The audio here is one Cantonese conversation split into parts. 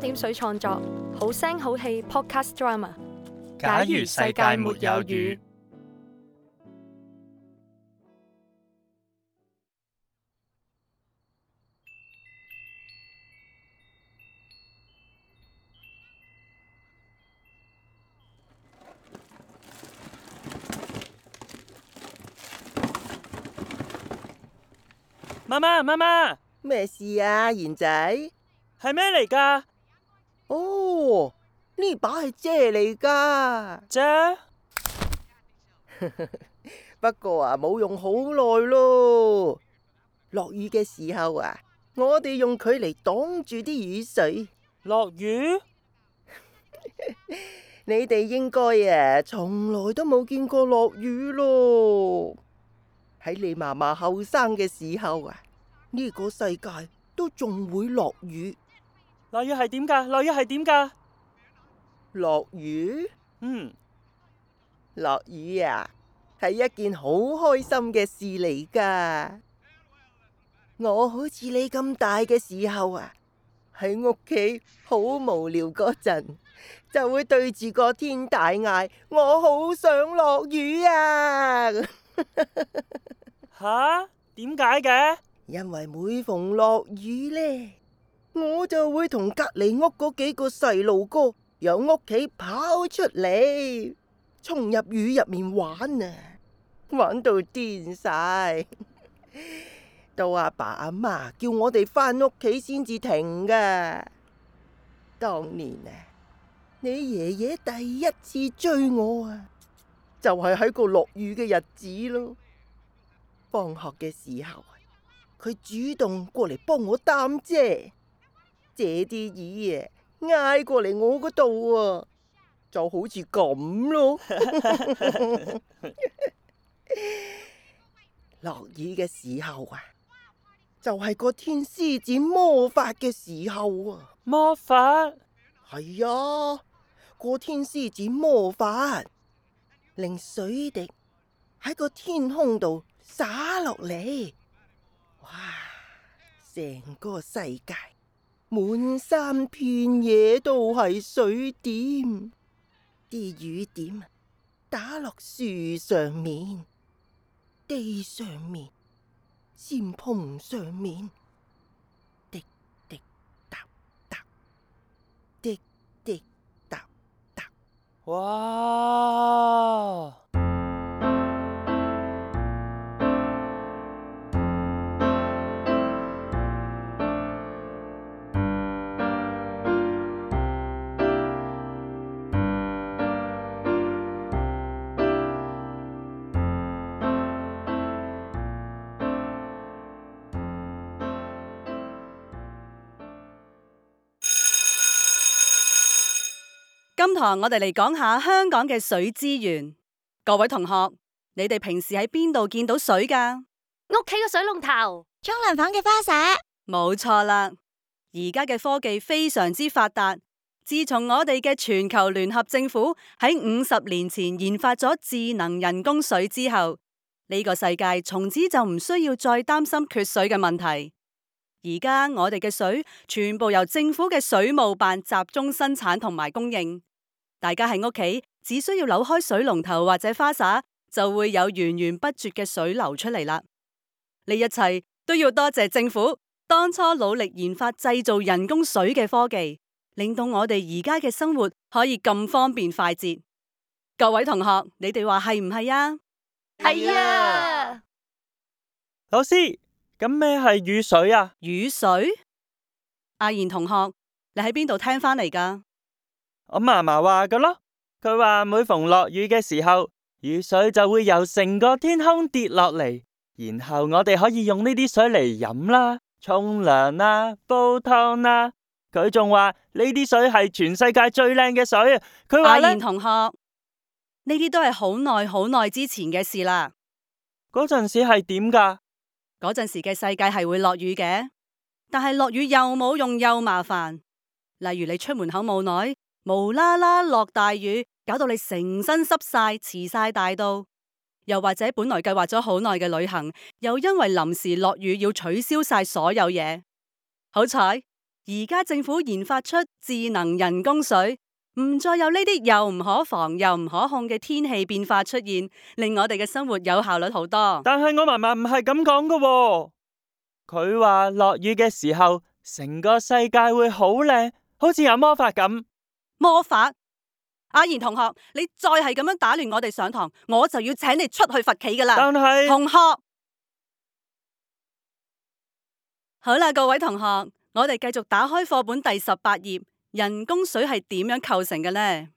點水創作，好聲好戲 Podcast drama。假如世界沒有雨。媽媽，媽媽，咩事啊？賢仔，係咩嚟㗎？哦，呢把係遮嚟噶，遮姐。 不過啊，冇用好耐咯。落雨嘅時候啊，我哋用佢嚟擋住啲雨水。落雨？ 你哋應該啊，從來都冇見過落雨咯。喺你嫲嫲後生嘅時候啊，呢個世界都仲會落雨。落雨係點噶？落雨係點噶？落雨，嗯，落雨呀、啊，係一件好開心嘅事嚟噶。我好似你咁大嘅時候啊，喺屋企好無聊嗰陣，就會對住個天大嗌：我好想落雨啊！吓、 啊？點解嘅？因為每逢落雨呢。我就會同隔籬屋嗰幾個細路哥由屋企跑出嚟，衝入雨入面玩啊，玩到癲晒， 到阿爸阿媽叫我哋翻屋企先至停噶。當年啊，你爺爺第一次追我啊，就係喺個落雨嘅日子咯。放學嘅時候，佢主動過嚟幫我擔遮。借啲雨挨過嚟我度啊，就好似咁咯。落 雨嘅時候啊，就係、是、個天獅子魔法嘅時候啊。魔法係啊，個天獅子魔法令水滴喺個天空度灑落嚟，哇！成個世界～滿山遍野都係水點，啲雨點打落樹上面，地上面，天棚上面，滴滴答答，滴滴答答，哇！今堂我哋嚟講下香港嘅水資源。各位同學，你哋平時喺邊度見到水㗎？屋企個水龍頭，沖涼房嘅花灑。冇錯啦，而家嘅科技非常之發達。自從我哋嘅全球聯合政府喺五十年前研發咗智能人工水之後，呢個世界從此就唔需要再擔心缺水嘅問題。而家我哋嘅水全部由政府嘅水務辦集中生產同埋供應。大家喺屋企，只需要扭開水龍頭或者花灑，就會有源源不絕嘅水流出嚟啦。呢一切都要多謝政府當初努力研發製造人工水嘅科技，令到我哋而家嘅生活可以咁方便快捷。各位同學，你哋話係唔係呀？係呀、啊！老師，咁咩係雨水啊？雨水，阿賢同學，你喺邊度聽翻嚟噶？我嫲嫲話噶咯，佢話每逢落雨嘅時候，雨水就會由成個天空跌落嚟，然後我哋可以用呢啲水嚟飲啦、沖涼啦、煲湯啦。佢仲話呢啲水係全世界最靚嘅水。佢話咧，阿賢同學呢啲都係好耐好耐之前嘅事啦。嗰陣時係點噶？嗰陣時嘅世界係會落雨嘅，但係落雨又冇用又麻煩。例如你出門口冇耐。無啦啦落大雨，搞到你成身濕晒，遲晒大到，又或者本來計劃咗好耐嘅旅行，又因為臨時落雨要取消晒所有嘢。好彩，而家政府研發出智能人工水，唔再有呢啲又唔可防又唔可控嘅天氣變化出現，令我哋嘅生活有效率好多。但係我嫲嫲唔係咁講噶，佢話落雨嘅時候，成個世界會好靚，好似有魔法咁。魔法，阿賢同學，你再係咁樣打亂我哋上堂，我就要請你出去罰企噶啦！但係……同學，好啦，各位同學，我哋繼續打開課本第十八頁，人工水係點樣構成嘅咧？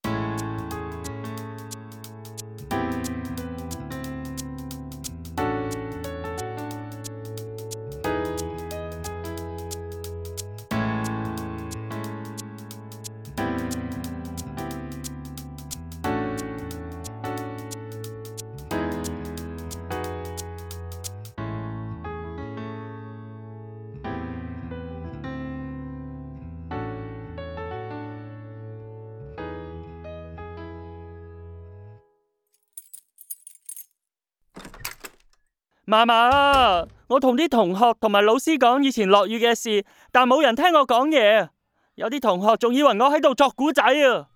媽媽，我同啲同學同埋老師講以前落雨嘅事，但冇人聽我講嘢。有啲同學仲以為我喺度作故仔啊！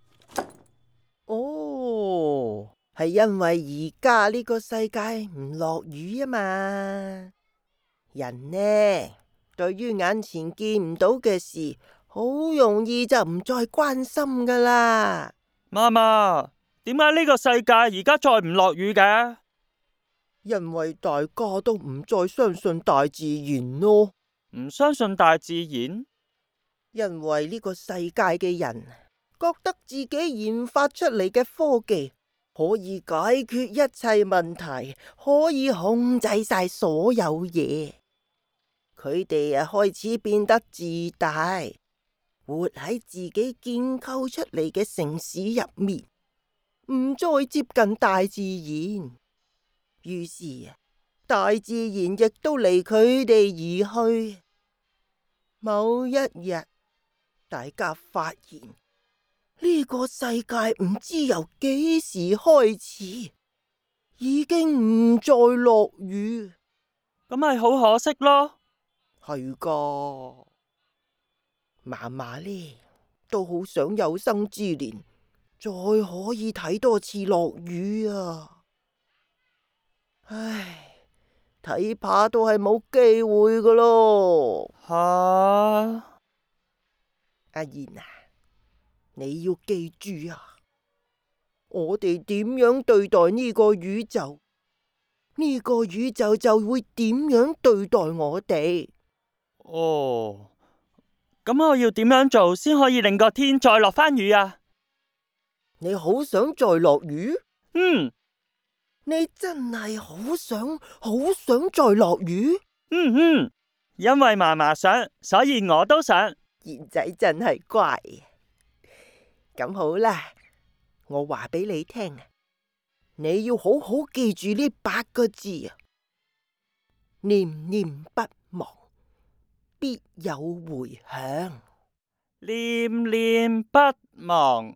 哦，係因為而家呢個世界唔落雨啊嘛。人呢，對於眼前見唔到嘅事，好容易就唔再關心噶啦。媽媽，點解呢個世界而家再唔落雨噶？因為大家都唔再相信大自然咯。唔相信大自然？因為呢個世界嘅人覺得自己研發出嚟嘅科技可以解決一切問題，可以控制晒所有嘢。佢哋啊，開始變得自大，活喺自己建構出嚟嘅城市入面，唔再接近大自然。於是大自然亦都離佢哋而去。某一日，大家發現呢個世界唔知由幾時開始已經唔再落雨，咁係好可惜咯。係噶，嫲嫲呢都好想有生之年再可以睇多次落雨啊！唉，睇怕都係冇機會㗎囉。吓哈，阿賢啊，你要記住啊，我哋點樣對待呢個宇宙，呢個宇宙就會點樣對待我哋。哦，咁我要點樣做先可以令個天再落返雨啊？你好想再落雨？嗯。你真係好想，好想再落雨？嗯嗯，因為嫲嫲想，所以我都想。賢仔真係乖，咁好啦，我話俾你聽啊，你要好好記住呢八個字啊，念念不忘，必有回響。念念不忘，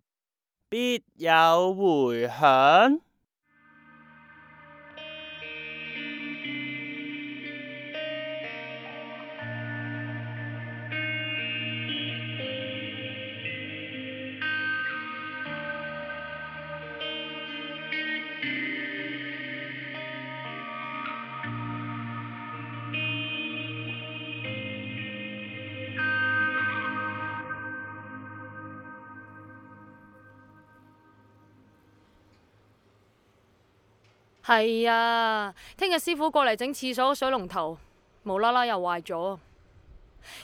必有回響。係啊，聽日師傅過嚟整廁所水龍頭，無啦啦又壞咗，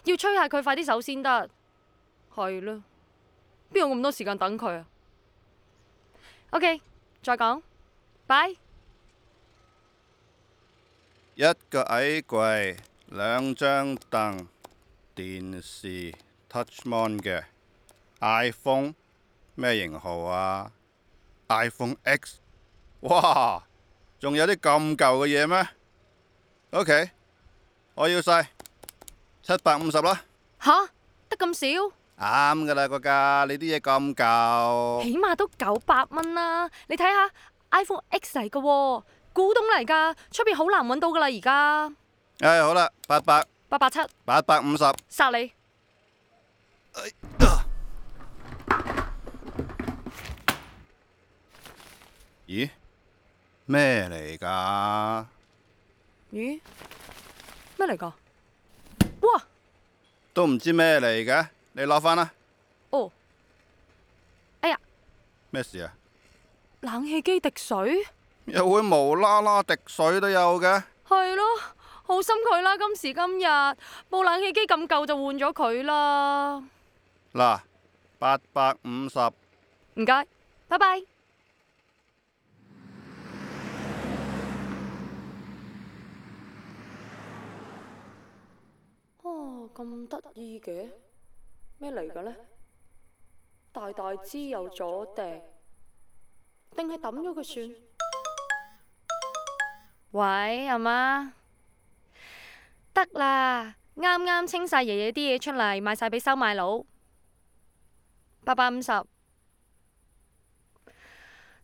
要催下佢快啲修先得。係咯、啊，邊有咁多時間等佢啊？OK，再講，拜,拜。一個矮櫃，兩張凳，電視 TouchMon 嘅 iPhone 咩型號啊？iPhone X，哇！仲有啲咁舊嘅嘢咩？OK，我要晒七百五十啦。吓，得咁少？啱噶啦，個價，你啲嘢咁舊。起碼都九百蚊啦，你睇下 iPhone X 嚟嘅、哦，古董嚟噶，出邊好難搵到噶啦而家。誒、哎，好啦，800, 八百。八百七。八百五十。殺你、哎呃！咦？咩嚟噶？咦，咩嚟噶？哇，都唔知咩嚟嘅，你攞翻啦。哦，哎呀，咩事啊？冷氣機滴水，又會無啦啦滴水都有嘅。係咯，好心佢啦，今時今日部冷氣機咁舊，就換咗佢啦。嗱，八百五十。唔該，拜拜。哦，咁得意嘅咩嚟嘅呢？大大支又左掟，定係抌咗佢算？喂，阿媽，得啦，啱啱清晒爺爺啲嘢出嚟，賣晒俾收買佬，八百五十，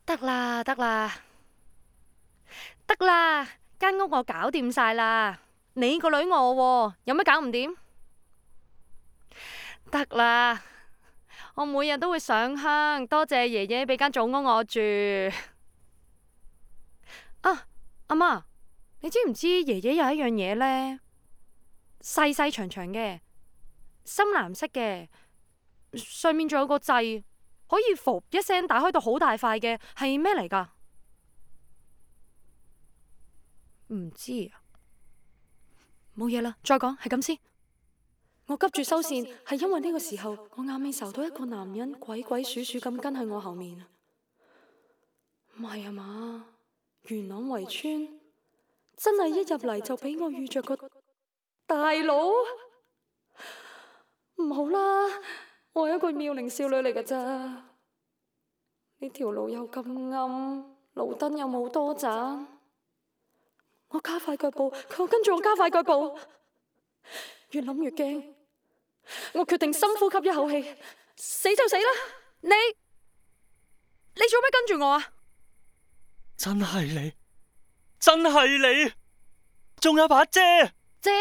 得啦，得啦，得啦，間屋我搞掂晒啦。你個女我喎，啊，有咩搞唔掂？得啦，我每日都會上香，多謝爺爺俾間祖屋我住。 啊，阿媽，你知唔知爺爺有一樣嘢呢？細細長長嘅，深藍色嘅，上面仲有個掣，可以浮一聲打開到好大塊嘅，係咩嚟噶？唔知啊。冇嘢啦，再講係咁先。我急住收線，係因為呢個時候我眼尾受到一個男人鬼鬼祟祟咁跟喺我後面。唔係啊嘛，元朗圍村真係一入嚟就俾我遇着個大佬。唔好啦，我係一個妙齡少女嚟噶咋。呢條路又咁暗，路燈又冇多盞。我加快腳步，佢跟住我加快腳步。越諗越驚，我決定深呼吸一口氣，死就死啦。你，你做咩跟住我啊？真係你，真係你，仲有把遮。遮，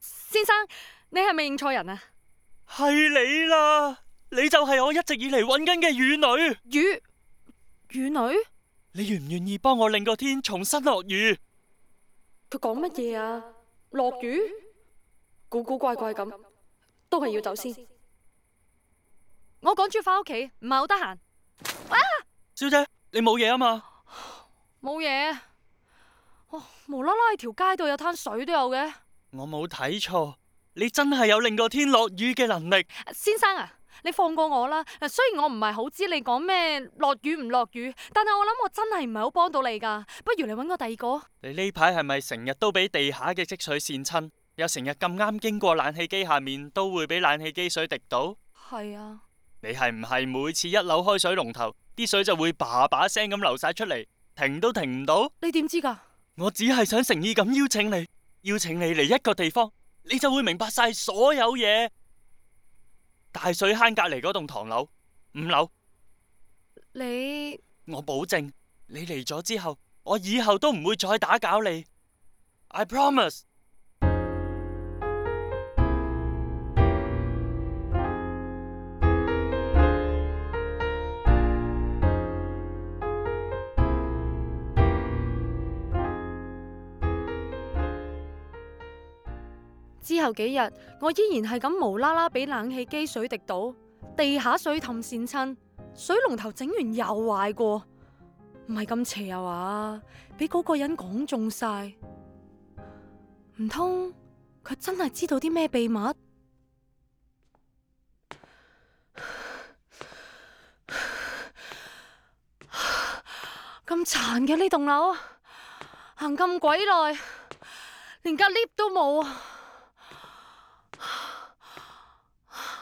先生，你係咪認錯人啊？係你啦，你就係我一直以嚟揾緊嘅雨女。雨雨女。你願唔願意幫我令個天重新落雨？佢講乜嘢啊？落雨？古古怪怪咁，都係要走先。我趕住要翻屋企，唔係好得閒。啊，小姐，你冇嘢啊嘛？冇嘢。哦，無啦啦，條街度有灘水都有嘅。我冇睇錯，你真係有令個天落雨嘅能力。先生啊！你放過我啦！嗱，雖然我唔係好知你講咩落雨唔落雨，但係我諗我真係唔係好幫到你噶，不如你搵個第二個。你呢排係咪成日都俾地下嘅積水濺親？又成日咁啱經過冷氣機下面，都會俾冷氣機水滴到。係啊。你係唔係每次一扭開水龍頭，啲水就會叭叭聲咁流晒出嚟，停都停唔到？你點知噶？我只係想誠意咁邀請你，邀請你嚟一個地方，你就會明白晒所有嘢。大水坑隔籬嗰棟唐樓五樓。你？我保證你嚟咗之後，我以後都唔會再打攪你。I promise。之後幾日，我依然係咁無啦啦俾冷氣機水滴到，地下水氹跣親，水龍頭整完又壞過，唔係咁邪啊？話俾嗰個人講中晒，唔通佢真係知道啲咩秘密？咁殘嘅呢棟樓，行咁鬼耐，連架 lift 都冇。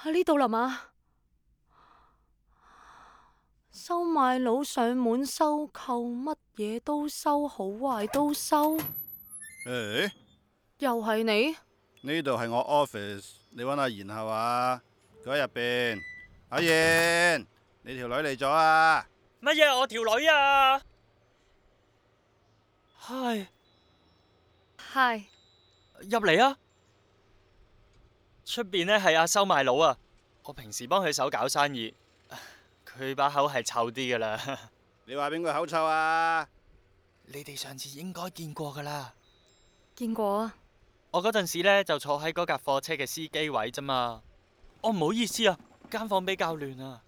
喺呢度啦嘛，收賣佬上門收購乜嘢都收，好壞都收。誒，又係你？呢度係我 office，你搵阿賢係嘛？佢喺入邊。阿賢，你條女嚟咗啊？乜嘢？我條女啊？係，係，入嚟啊！出邊呢係阿收賣佬啊，我平時幫佢手搞生意，佢把口係臭啲噶啦。 你話邊個口臭啊？你哋上次應該見過噶啦。見過啊！我嗰陣時呢，就坐喺嗰架貨車嘅司機位啫嘛。哦，唔好意思啊，間房比較亂啊。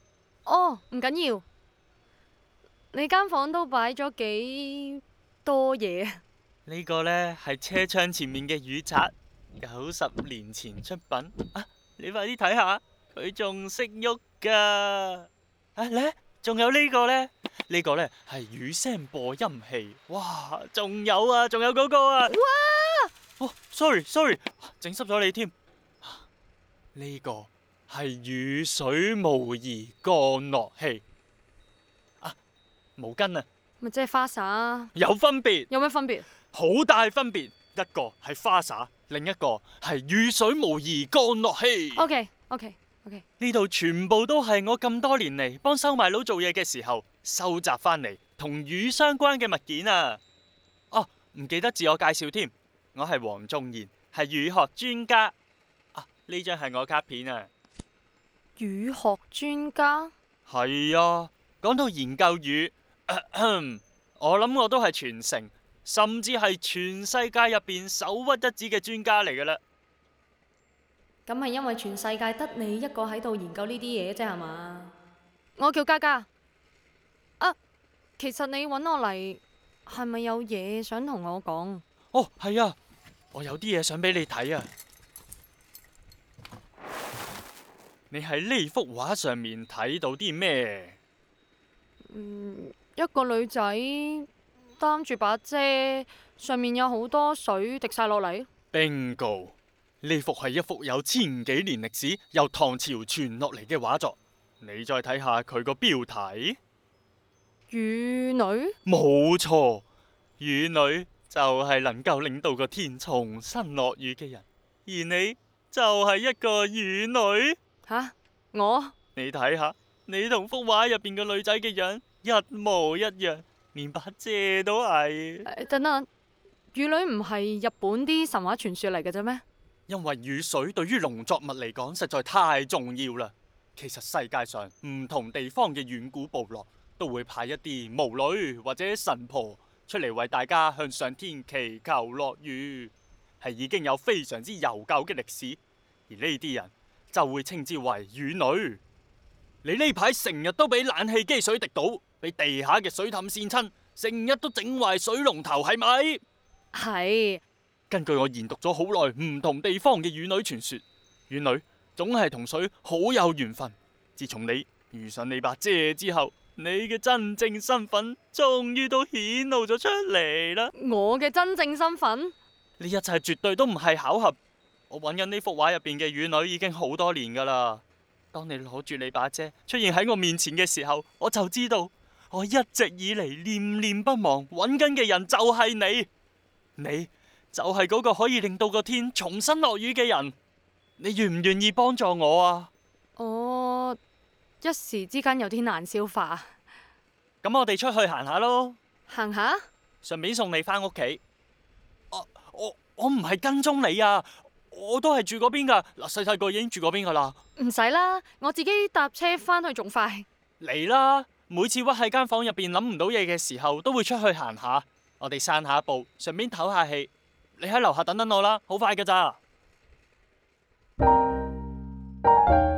哦，唔緊要。你間房都擺咗幾多嘢？呢個呢，係車窗前面嘅雨刷。九十年前出品啊！你快啲睇下，佢仲識喐噶。啊咧，仲有呢個咧，呢個咧係雨聲播音器。哇，仲有啊，仲有嗰個啊。哇！哇，sorry sorry，整濕咗你添。呢個係雨水模擬降落器。啊，毛巾啊。咪即係花灑？有分別？有咩分別？好大分別。一個係花灑，另一個係雨水無疑降落器。OK，OK，OK。呢度全部都係我咁多年嚟幫收賣佬做嘢嘅時候收集翻嚟同雨相關嘅物件啊！哦、啊，唔記得自我介紹添，我係黃仲賢，係雨學專家。啊，呢張係我卡片啊。雨學專家？係啊，講到研究雨，我諗我都係全城。甚至係全世界入邊首屈一指嘅專家嚟嘅啦。咁係因為全世界得你一個喺度研究呢啲嘢啫係嘛？我叫嘉嘉。啊，其實你揾我嚟係咪有嘢想同我講？哦，係啊，我有啲嘢想俾你睇啊。你喺呢幅畫上面睇到啲咩？嗯，一個女仔。擔住把遮，上面有好多水滴晒落嚟。Bingo！呢幅係一幅有千幾年歷史，由唐朝傳落嚟嘅畫作。你再睇下佢個標題。雨女。冇錯，雨女就係能夠令到個天重新落雨嘅人，而你就係一個雨女。吓？啊？我？你睇下，你同幅畫入邊個女仔嘅樣一模一樣。連把遮都係。等等。雨女唔係日本啲神話傳說嚟嘅啫咩？因為雨水對於農作物嚟講實在太重要啦。其實世界上唔同地方嘅遠古部落都會派一啲巫女或者神婆出嚟為大家向上天祈求落雨，係已經有非常之悠久嘅歷史。而呢啲人就會稱之為雨女。你呢排成日都俾冷氣機水滴到，俾地下嘅水氹濺親，成日都整壞水龍頭，係咪？係是。根據我研讀咗好耐唔同地方嘅雨女傳說，雨女總係同水好有緣分。自從你遇上你把遮之後，你嘅真正身份終於都顯露咗出嚟啦。我嘅真正身份？呢一切絕對都唔係巧合。我揾緊呢幅畫入邊嘅雨女已經好多年噶啦。當你攞住你把遮出現喺我面前嘅時候，我就知道我一直以嚟念念不忘揾緊嘅人就係你，你就係嗰個可以令到個天重新落雨嘅人。你願唔願意幫助我啊？我一時之間有啲難消化。咁我哋出去行下咯。行下走，順便送你返屋企。我我我唔係跟蹤你啊！我都係住嗰邊噶，嗱，細細個已經住嗰邊噶啦。唔使啦，我自己搭車翻去仲快。嚟啦，每次屈喺間房入邊諗唔到嘢嘅時候，都會出去行下，下，我哋散下步，順便唞下氣。你喺樓下等等我啦，好快噶咋。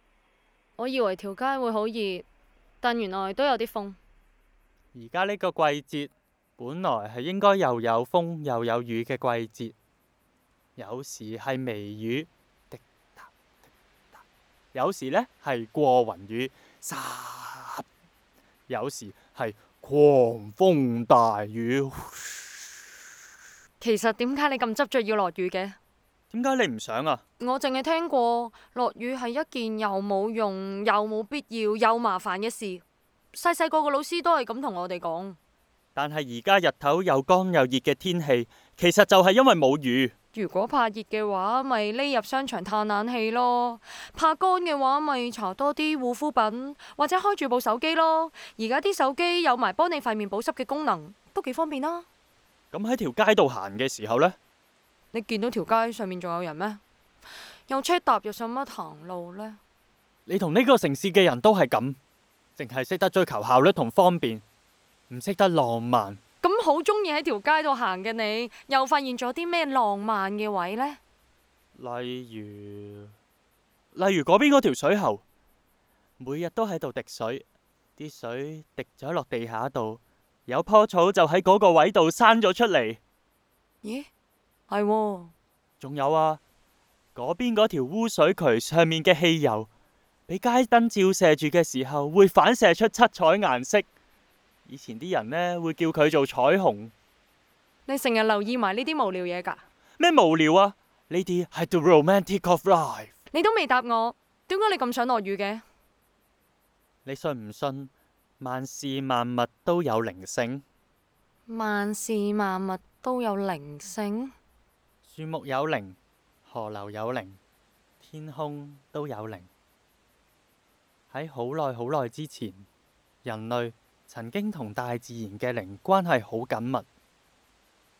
我以為條街會好熱，但原來都有啲風。而家呢個季節本來係應該又有風又有雨嘅季節，有時係微雨，滴答；有時呢係過雲雨，有時係狂風大雨。其實點解你咁執着要落雨嘅？點解你唔想啊？我淨係聽過落雨係一件又冇用又冇必要又麻煩嘅事。細細個個老師都係咁同我哋講。但係而家日頭又乾又熱嘅天氣，其實就係因為冇雨。如果怕熱嘅話，咪匿入商場嘆冷氣咯。怕乾嘅話，咪搽多啲護膚品，或者開住部手機咯。而家啲手機有埋幫你塊面保濕嘅功能，都幾方便啦、啊。咁喺條街度行嘅時候呢？你見到條街上面仲有人咩？有車踏，又上乜堂路呢？你同呢個城市嘅人都係咁，淨係識得追求效率同方便，唔識得浪漫。咁好中意喺條街度行嘅你，又發現咗啲咩浪漫嘅位呢？例如，例如嗰邊嗰條水喉，每日都喺度滴水，啲水滴咗落地下度，有棵草就喺嗰個位度生咗出嚟。咦、欸？係，仲有啊，嗰邊嗰條污水渠上面嘅汽油，俾街燈照射住嘅時候，會反射出七彩顏色。以前啲人呢，會叫佢做彩虹。你成日留意埋呢啲無聊嘢㗎？咩無聊啊？呢啲係 the romantic of life。你都未答我，點解你咁想落雨嘅？你信唔信？萬事萬物都有靈性。萬事萬物都有靈性。樹木有靈，河流有靈，天空都有靈。喺好耐好耐之前，人類曾經同大自然嘅靈關係好緊密，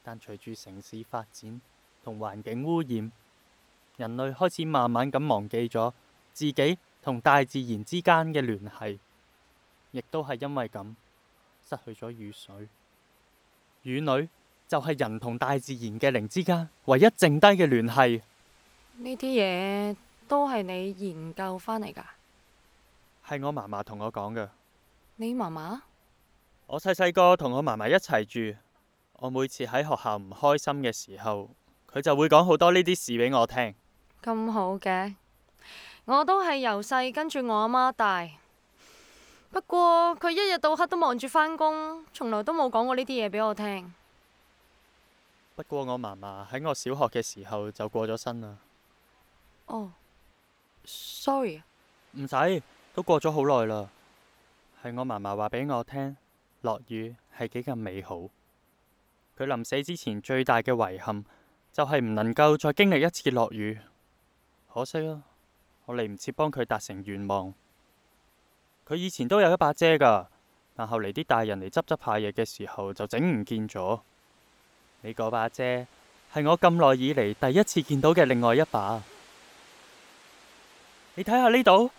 但隨住城市發展同環境污染，人類開始慢慢咁忘記咗自己同大自然之間嘅聯繫，亦都係因為咁失去咗雨水、雨女。就係人同大自然嘅靈之間唯一剩低嘅聯繫。呢啲嘢都係你研究返嚟噶？係我嫲嫲同我講噶。你嫲嫲？我細細個同我嫲嫲一齊住，我每次喺學校唔開心嘅時候，佢就會講好多呢啲事俾我聽。咁好嘅，我都係由細跟住我阿媽大，不過佢一日到黑都忙住返工，從來都冇講過呢啲嘢俾我聽。不過我嫲嫲喺我小學嘅時候就過咗身啦。哦、oh，sorry。唔使，都過咗好耐啦。係我嫲嫲話俾我聽，落雨係幾咁美好。佢臨死之前最大嘅遺憾就係、是、唔能夠再經歷一次落雨。可惜咯，我嚟唔切幫佢達成願望。佢以前都有一把遮噶，但後嚟啲大人嚟執執下嘢嘅時候就整唔見咗。你嗰把遮係我咁耐以嚟，第一次見到嘅另外一把。你睇下呢度，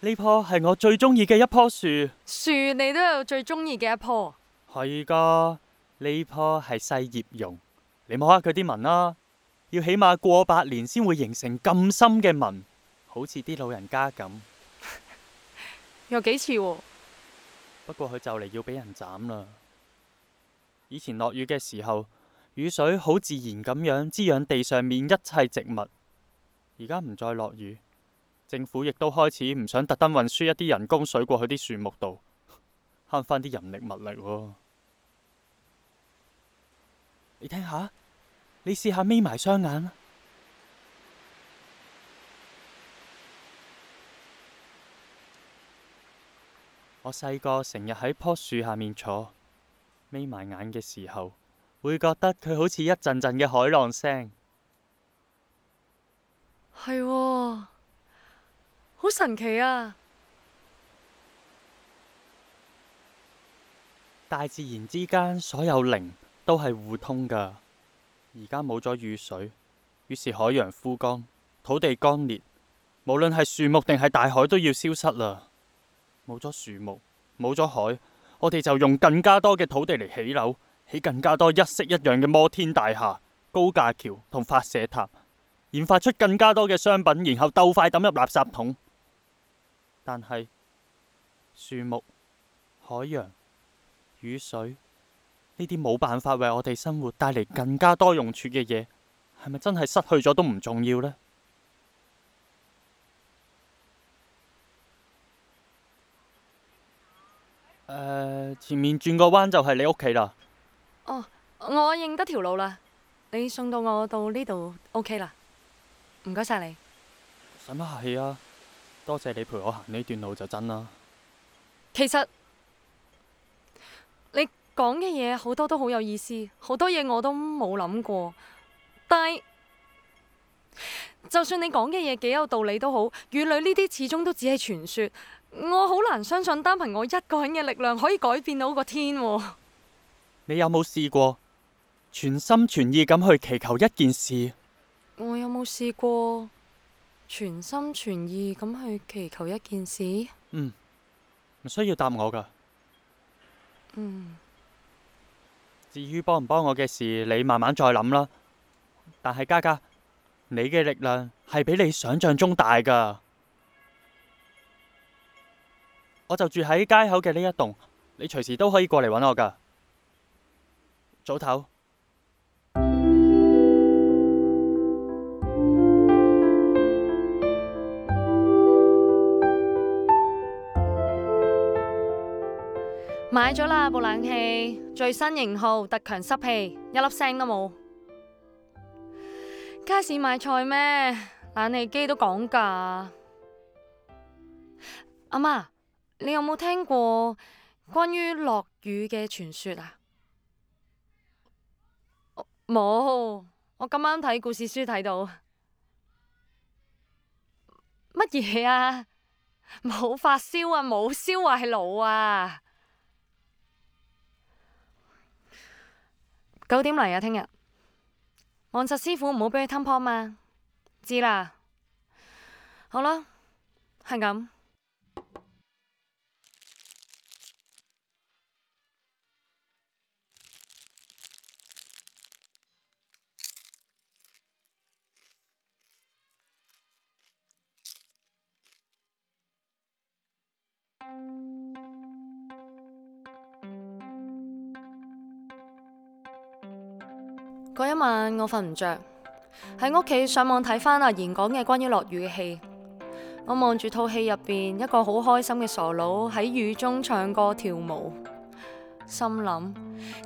呢棵係我最中意嘅一棵樹。樹，你都有最中意嘅一棵。係㗎，呢棵係細葉榕，你摸下佢啲紋啦，要起碼過百年先會形成咁深嘅紋，好似啲老人家咁。 有幾次喎、啊？不過佢就嚟要俾人斬啦。以前落雨嘅時候。雨水好自然咁樣滋養地上面一切植物。而家唔再落雨，政府亦都開始唔想特登運輸一啲人工水過去啲樹木度，慳翻啲人力物力。你聽下，你試下眯埋雙眼。我細個成日喺棵樹下面坐，眯埋眼嘅時候，會覺得佢好似一陣陣嘅海浪聲，係，好神奇啊！大自然之間所有靈都係互通噶。而家冇咗雨水，於是海洋枯乾，土地乾裂。無論係樹木定係大海都要消失啦。冇咗樹木，冇咗海，我哋就用更加多嘅土地嚟起樓。起更加多一式一樣嘅摩天大廈、高架橋同發射塔，研發出更加多嘅商品，然後鬥快抌入垃圾桶。但係樹木、海洋、雨水呢啲冇辦法為我哋生活帶嚟更加多用處嘅嘢，係咪真係失去咗都唔重要呢？誒、呃，前面轉個彎就係你屋企啦。哦，oh, 我認得條路啦，你送到我到呢度 O K 啦，唔該晒你。使乜客氣啊？多謝你陪我行呢段路就真啦。其實你講嘅嘢好多都好有意思，好多嘢我都冇諗過。但係就算你講嘅嘢幾有道理都好，雨女呢啲始終都只係傳說，我好難相信單憑我一個人嘅力量可以改變到個天啊。你有冇試過全心全意咁去祈求一件事？我有冇試過全心全意咁去祈求一件事？嗯，唔需要答我噶。嗯。至於幫唔幫我嘅事，你慢慢再諗啦。但係嘉嘉，你嘅力量係比你想象中大噶。我就住喺街口嘅呢一棟，你隨時都可以過嚟搵我噶。早唞，買咗啦部冷氣，最新型號，特強濕氣，一粒聲都冇。街市買菜咩？冷氣機都講價。阿媽，你有冇聽過關於落雨嘅傳說啊？冇，我今晚睇故事書睇到乜嘢啊？冇發燒啊，冇燒壞腦啊！九點嚟啊，聽日望實師傅唔好俾佢吞泡嘛，知啦，好啦，係咁。嗰一晚我瞓唔着，喺屋企上網睇返阿賢講嘅關於落雨嘅戲，我望住套戲入邊一個好開心嘅傻佬喺雨中唱歌跳舞，心諗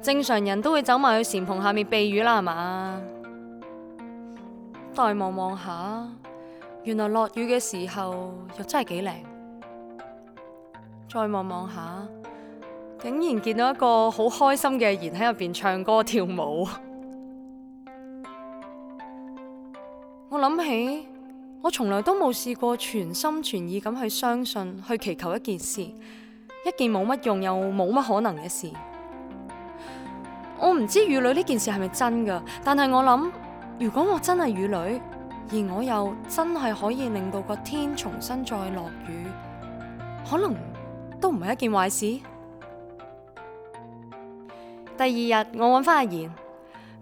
正常人都會走埋去簷篷下面避雨啦，係嘛？再望望下，原來落雨嘅時候又真係幾靚，再望望下，竟然見到一個好開心嘅賢喺入面唱歌跳舞。我諗起，我從來都冇試過全心全意咁去相信、去祈求一件事，一件冇乜用又冇乜可能嘅事。我唔知雨女呢件事係咪真噶，但係我諗，如果我真係雨女，而我又真係可以令到個天重新再落雨，可能都唔係一件壞事。第二日，我揾翻阿賢，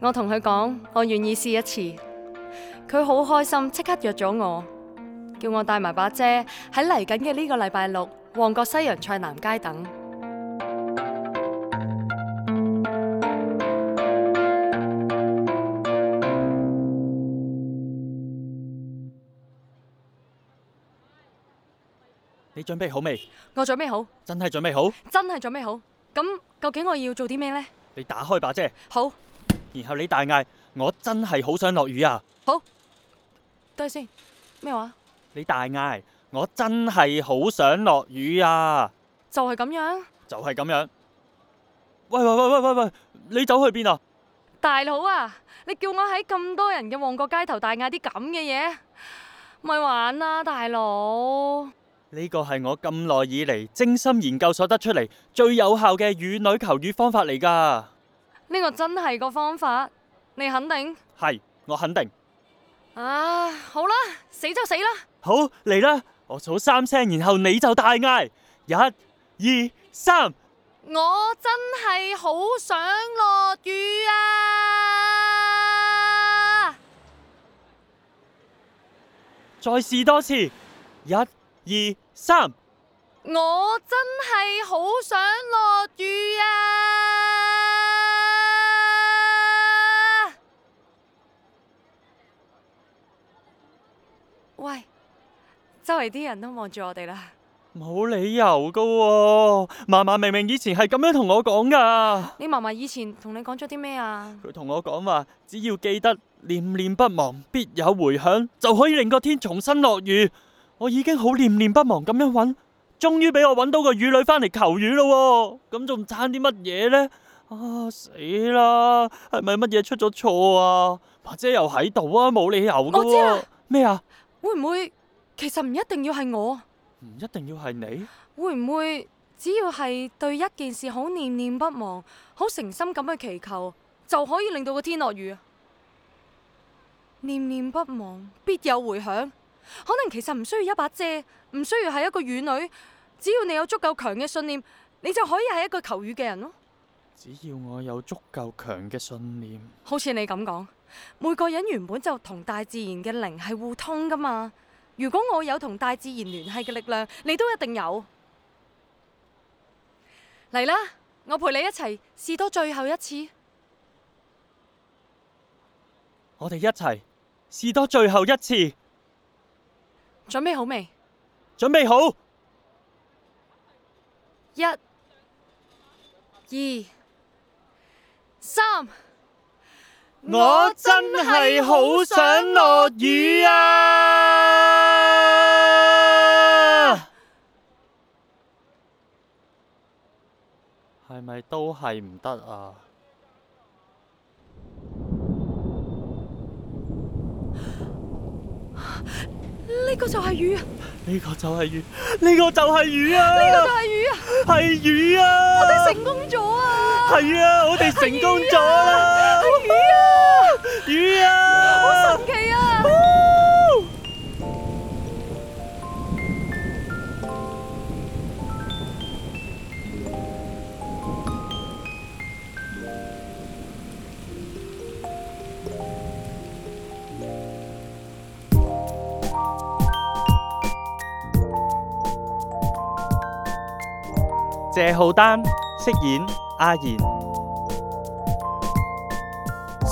我同佢講，我願意試一次。佢好開心，即刻約咗我，叫我帶埋把遮，喺嚟緊嘅呢個禮拜六，旺角西洋菜南街等。你準備好未？我準備好。真係準備好？真係準備好。咁究竟我要做啲咩呢？你打開把遮。好。然後你大嗌，我真係好想落雨啊！好，等下先。咩話？你大嗌，我真係好想落雨啊！就係咁樣。就係咁樣。喂喂喂喂喂喂，你走去邊啊？大佬啊，你叫我喺咁多人嘅旺角街頭大嗌啲咁嘅嘢，咪玩啊，大佬！呢個係我咁耐以嚟精心研究所得出嚟最有效嘅雨女求雨方法嚟噶。呢個真係個方法，你肯定？係，我肯定。啊，好啦，死就死啦。好，嚟啦，我數三聲，然後你就大嗌：一、二、三。我真係好想落雨啊！再試多次，一、二、三。我真係好想落雨啊！喂，周圍啲人都望住我哋啦，冇理由噶，嫲嫲明明以前係咁樣同我講噶。你嫲嫲以前同你講咗啲咩啊？佢同我講話，只要記得念念不忘，必有回響，就可以令個天重新落雨。我已經好念念不忘咁樣揾，終於俾我揾到個雨女翻嚟求雨咯。咁仲差啲乜嘢呢？啊死啦！係咪乜嘢出咗錯啊？或者又喺度啊，冇理由噶。我知啊。咩啊？會唔會其實唔一定要係我？唔一定要係你？會唔會只要係對一件事好念念不忘，好誠心咁去祈求，就可以令到個天落雨？念念不忘必有回響，可能其實唔需要一把遮，唔需要係一個雨女，只要你有足夠強嘅信念，你就可以係一個求雨嘅人咯。只要我有足夠強嘅信念，好似你咁講。每個人原本就同大自然嘅靈係互通噶嘛。如果我有同大自然聯繫嘅力量，你都一定有。嚟啦，我陪你一齊試多最後一次。我哋一齊試多最後一次。準備好未？準備好。一、二、三。我真係好想落雨啊！係咪都係唔得啊？呢、啊，這個就係雨啊！呢個就係雨，呢、這個就係雨啊！呢個就係雨啊！係雨啊，啊，啊！我哋成功咗啊！係啊，我哋成功咗啦！雨啊！雨啊！好神奇啊！謝昊丹飾演阿賢。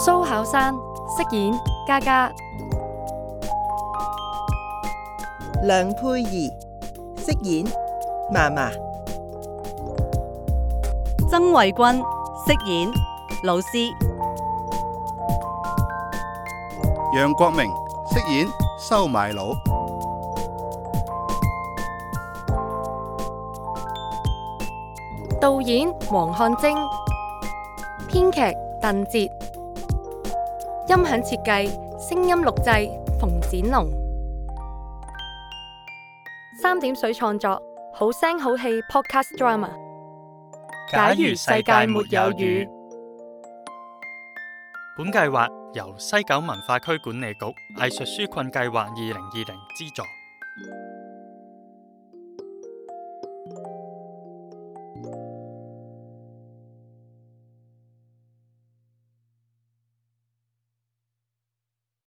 蘇巧珊飾演嘉嘉，梁佩儀飾演嫲嫲，曾慧筠飾演老師，楊國明飾演收賣佬，導演黃翰貞，編劇鄧捷。音響設計、聲音錄製：馮展龍。三點水創作，好聲好戲 Podcast Drama。假如世界沒有雨，有雨本計劃由西九文化區管理局藝術紓困計劃二零二零資助。